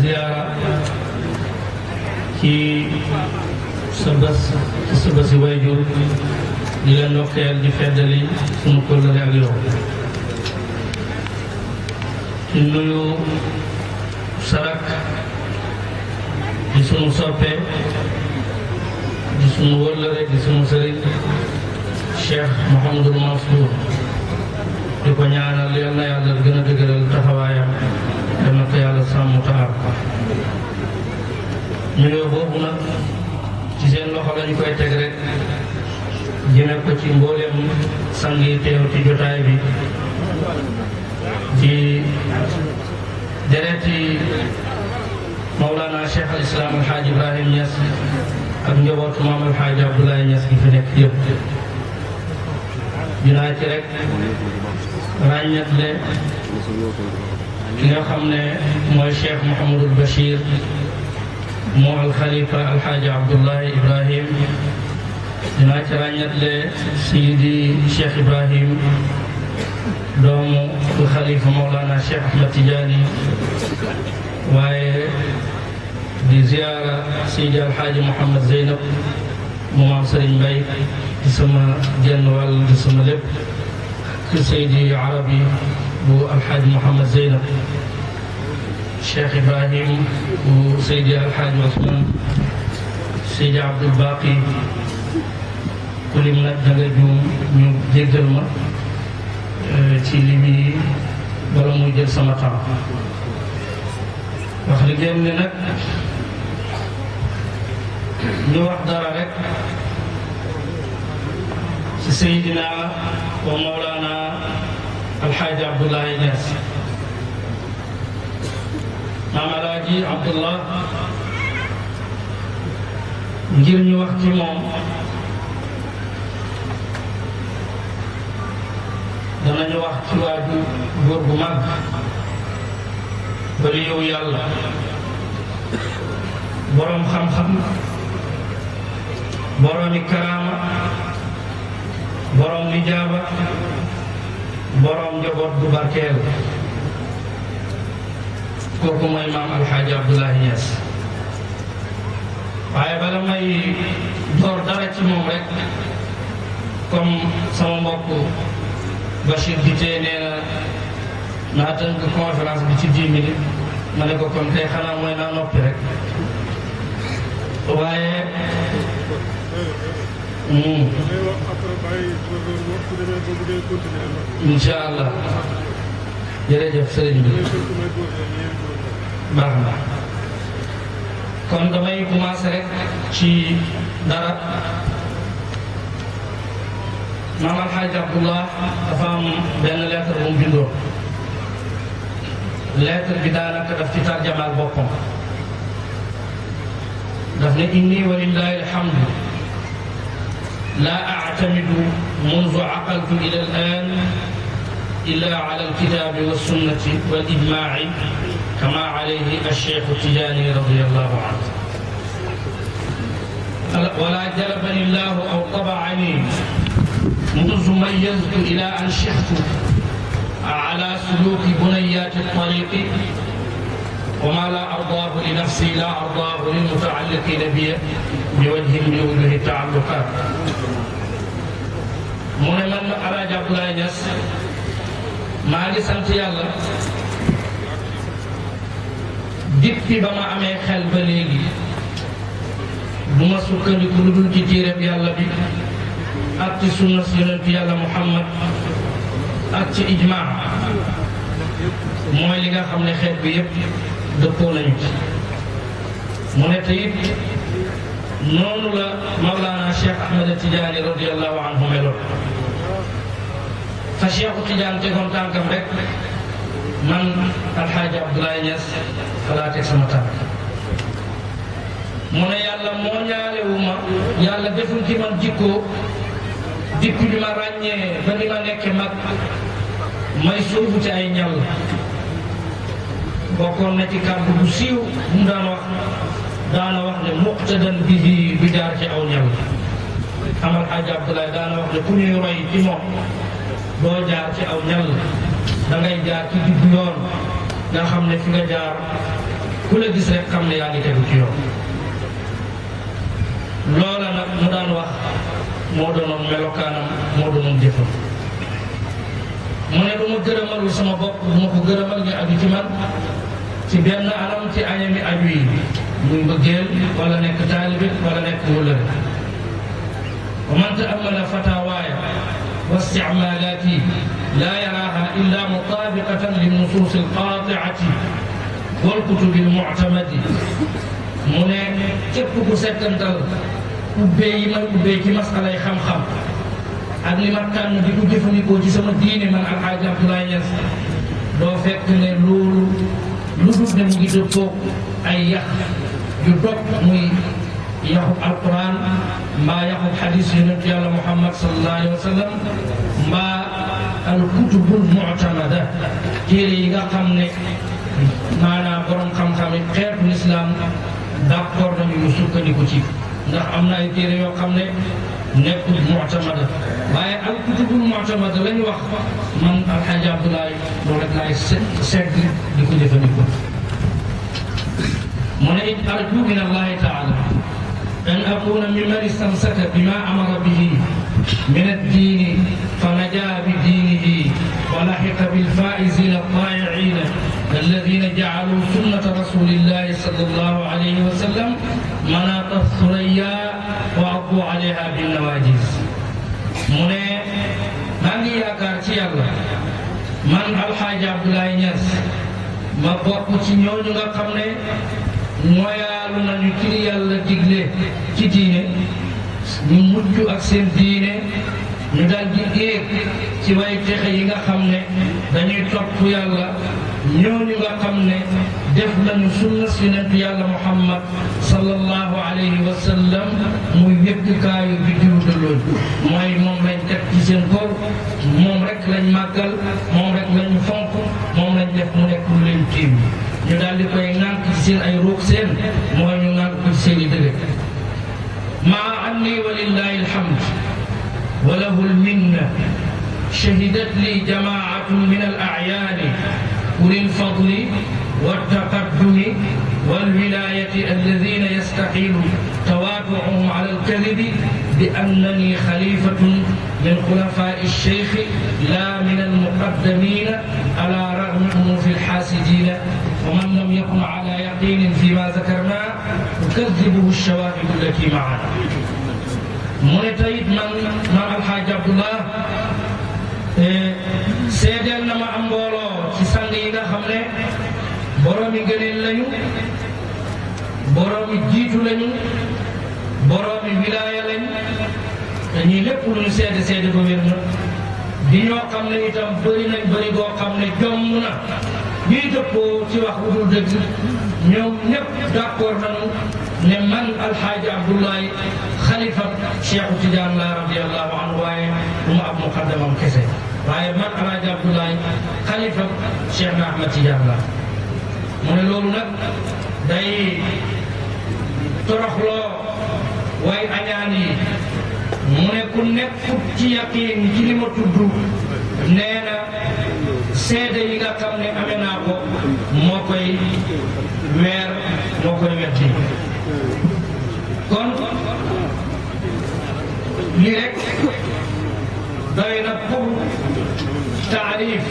ziyaara ci sa bés ci sa bési la ndokkeel di sunu kóllëre ak yow di nuyu sarak di sunu soppe di sunu wëllëre di sunu sëriñ Cheikh Mouhamadul Mansour di ko ñaanal yal na yàlla gën a dëgëral taxawaayam dana ko yàlla sàmm taar ñu ne boobu nag loxo lañ koy teg rek jëme ko ci mboolem sang yi teew ci jotaay bi ci dereti Mawlana Cheikh al Islam El Hadj Ibrahim Niass ak njabootu maam El Hadj Abdoulaye Niass gi fi nekk yëpp. dinaa ci rek ràññatle ki nga xam ne mooy Cheikh Mouhamadul Bachir. mu alxalifa alxaaji abdullahi ibrahim dinaa ci ràññatle siyidi cheikh ibrahim doomu xalifa mawlana cheikh ahmad tijaani waaye di ziyaara siyidi alxaaji mohamad zeynab mu maam sëriñ mbay di sama genn wàll di sama lépp ci seydi arabi bu alxaaji mohamad zeynab Cheikh Ibrahim bu Seydi Alxaaj Masum Seydi Abdul Baqi ku lim nag da nga juum ñu jéggal ma euh, ci li bi bala muy jël sama temps wax li ngeen ne nag ñu wax dara rek ci Seydina wa Mawlana Alxaaj Abdoulaye Niass maam alaaji abdullah ngir ñu wax ci moom danañu wax ci waaju góor bu mag bari yow yàlla boroom xam-xam boroomi karaama boroom nijaaba boroom njaboot bu barkeel kooku mooy maam alxaaji abdullahi Niass waaye bala door dara ci moom rek comme sama mbokk Bachir Dité nee na naa tënk bi ci dix minutes ma ne ko kon a xanaa mooy naa noppi rek waaye incha jërëjëf sëriñ bi baax na kon damay commencé ci dara maam alxaaj abdullah dafa am benn lettre bu mu bindoo lettre bi daanaka daf ci tarjamaal boppam daf ne inni walillahi alhamdu laa actamidu ila al illaa ala alkitaabi wa sunnati wal ijmaaci kama alayhi alcheikhu tijaani radiyallahu anhu ولا جلبني الله أو طبعني منذ ميزت إلى أن شحت على سلوك بنيات الطريق وما لا أرضاه لنفسي لا أرضاه للمتعلقين بي بوجه من وجوه التعلقات. mu ne man Alaaji Abdoulaye Niass maa ngi yàlla dippi ba ma amee xel bu ma sukkandiku lu dul ci téereb yàlla bi ak ci sunna yonentu yàlla mu ak ci ijmaa mooy li nga xam ne xeet bi yépp dëppoo nañu ci mu ne te it noonu la mawlaana cheikh ahmada tijaani radiallahu anhu meloon fa Cheikhu Tidiane tegoon tànkam rek man alxaaji Abdoulaye Niass fa laa teg sama tànk mu ne yàlla moo ñaalewu ma yàlla deful ci man dikku di ma ràññee ba ni ma nekk mag may sóobu ci ay ñal bokkoon na ci kàddu bu siiw mu daan wax daana wax ne muqtadan bi jaar ci aw ñal amal xaaji Abdoulaye daana wax ne ku ñuy roy ci doo jaar ci aw ñal dangay jaar ci digg yoon nga xam ne fi nga jaar ku la gis rek xam ne yaa ngi tegu ci yoon loola nag mu daan wax moo doonoon melokaanam moo doonoon jëfam mu ne lu ma gërëmalul sama bopp bu ma ko gërëmal ñu aju ci man ci benn anam ci añami aju yi muy mbëggeel wala nekk taalibe wala nekk wëllëre wa man ta'ammala fatawaa واستعمالات لا يراها إلا مطابقة للنصوص القاطعة والكتب المعتمدة mu ne képp ku settantal ubbee yi may ubbee ci masalay xam-xam ak li ma tànn di ko jëfandikoo ci sama diine man Alxaaji Abdoulaye Niass doo fekk ne loolu lu dul ne mu ngi dëppoo ay yàq yu dog muy yaxut alquran mbaa yaxut xadis yonent yàlla muhammad sallallahu alayhi wa sallam mbaa alkutubul mutamada téere yi nga xam ne maanaam borom xam-xam yi xeetu lislaam d'accord nañu ñu sukkandiku ci ndax am na ay téere yoo xam ne nekkul mutamada waaye alkutubul mutamada lañu wax man alxaaji Abdoulaye loolu rek laay segg di ko jëfandikoo mu ne it arju min allahi taala أن أكون ممن استمسك بما أمر به من الدين فنجا بدينه ولحق بالفائزين الطائعين الذين جعلوا سنة رسول الله صلى الله عليه وسلم مناط الثريا وعضوا عليها بالنواجذ mu ne maa ngi yaakaar ci yàlla man Alxaaji Abdoulaye Niass ma bokk ci ñooñu nga xam ne moyaalu nañu ci li yàlla digle ci diine ñu mucc ak seen diine ñu dal di éeg ci yi nga xam ne dañuy topp yàlla ñooñu nga xam ne def nañu sunna sunentu yàlla muhammad sallallahu alayhi wa sallam muy yëkkukaayu bi diwdaloon mooy moom lañ teg ci seen moom rek lañ màggal moom rek lañ fonk moom lañ def mu nekk lu ñu daal di koy ŋànk ci seen ay ruux seen mooy ñu ŋànk ko ci seen i dëgg maa anni walillahi alhamd wa lahu alminna shahidat li jamaatun min al ayaani uli lfadli والتقدم والولاية الذين يستحيلون تواضعهم على الكذب بأنني خليفة من خلفاء الشيخ لا من المقدمين على رغمهم في الحاسدين ومن لم يكن على يقين فيما ذكرنا تكذبه الشواهد التي معنا mu ne tayit man man alxaaji abdullah seedeel na ma am mbooloo ci sang yi nga xam ne boromi gëneel lañu boromi jiitu lañu borom bi wilaaya lañ dañuy lépp bi ñu seede seede ba wér na di ñoo xam ne itam bëri nañ bëri goo xam ne jomb na bu dul dëgg ñoom ñëpp d'accord nañu ne man alxaaji abdullahi waaye man alxaaji abdullahi xalifa cheikh na ahmad la mu ne loolu nag day toroxloo way añaan yi mu ne ku nekkut yaqiin ci li ma seede yi nga xam ne amee moo koy weer moo koy wetti kon li rek doy na pour taarif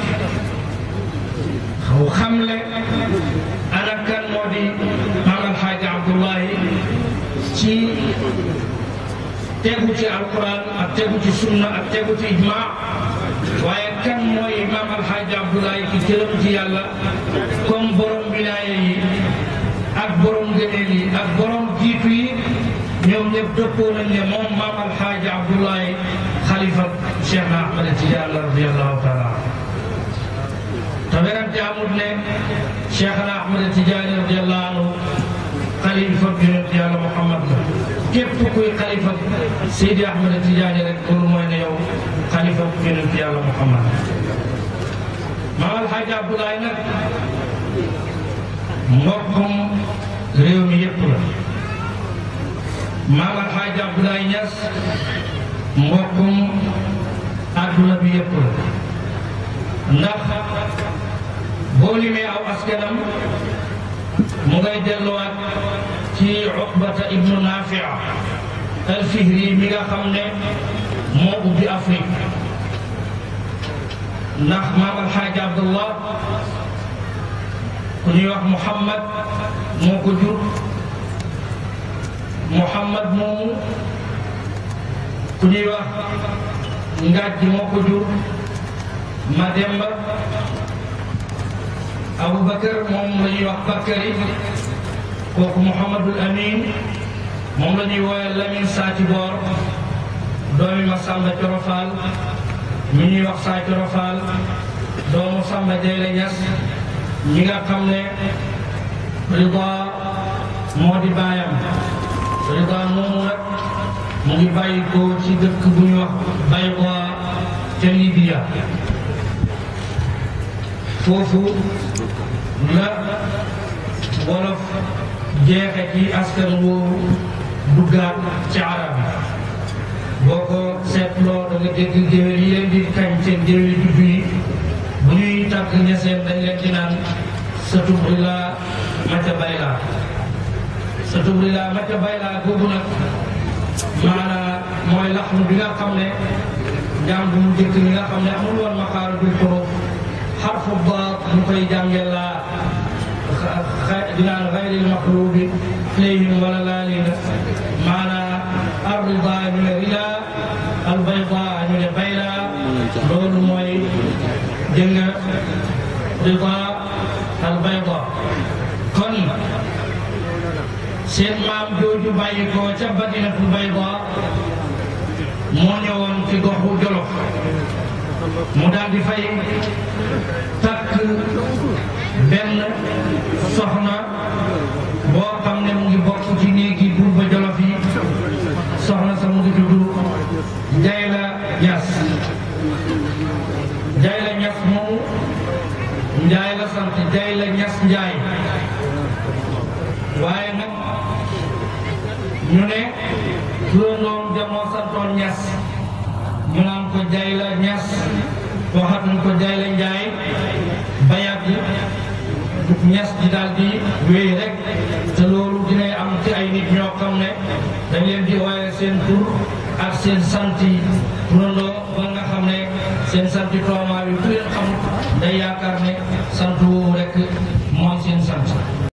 xaw xamle ana kan moo di Maam Alxaaji Abdullahi ci tegu ci alquran ak tegu ci sunna ak tegu ci ijma waaye kan mooy imam alxaaji abdoulaye ki jëlam ci yàlla comme borom wilaaya yi ak borom gëneel yi ak borom jiitu yi ñoom ñëpp dëppoo nañ ne moom maam alxaaji abdoulaye xalifa cheikh na ahmada tidiane radiallahu taala te werante amut ne cheikh na ahmada tidiane radiallahu anhu xalifa bi yonent yàlla Muhammad la képp kuy xalifa Seydi Ahmad Tijaani rek loolu mooy ne yow xalifa bi yonent yàlla Muhammad Maam Alxaaji Abdoulaye nag mbokkum réew mi yëpp la Maam Alxaaji Abdoulaye Ñas mbokkum adduna bi yëpp la ndax boo limee aw askanam mu ngay delluwaat ci uqbata ibnu nafia alfihri mi nga xam ne moo ubbi afrique ndax maam alxaaji abdullah ku ñuy wax muhammad moo ko jur muhammad moomu ku ñuy wax ngàjj moo ko jur mademba Abu Bakar moom la wax Bakari kooku Mouhamadul Amin moom la ñuy woowee Lamine Saati Boor doomi ma Samba wax Saa Corofal doomu Samba Deele Ñas ñi nga xam ne Rida moo di baayam Rida ci dëkk bu ñuy wax Bayda ca Libya foofu la wolof jeexe ci askan woowu duggaat ci arab yi boo ko seetloo da nga dégg géwél yi leen di kañ seen géwél tubri laa maca bay laa sa mooy laxnu bi nga xam ne jaam bu mu jëkk mi nga xam ne amul woon maxaara dul xarfu baab ñu koy jànge laa dinaan xayril maxluubi ilayhim wala laalina maanaam arrida ñu ne rida albayda ñu ne bayda loolu mooy jënga rida albayda kon seen maam jooju bàyyi ko ca badinatul bayda moo ñëwoon ci goxu Jolof mu daal di fay takk benn soxna boo xam ne mu ngi bokk ci néegi buurba jolof yi soxna sa mu ngi tudd Jayla Ñas Ñas Njaay la sant Jayla Ñas Njaay waaye nag ñu ne turandoom jamoo santoon Ñas ñu naan ko Diayla Niass waxaat nañ ko Diayla njaay ba yàgg Niass di daal di wéy te loolu dinay am ci ay nit ñoo xam ne dañ leen di waaye seen tur ak seen sant yi turandoo ba nga xam ne seen sant yi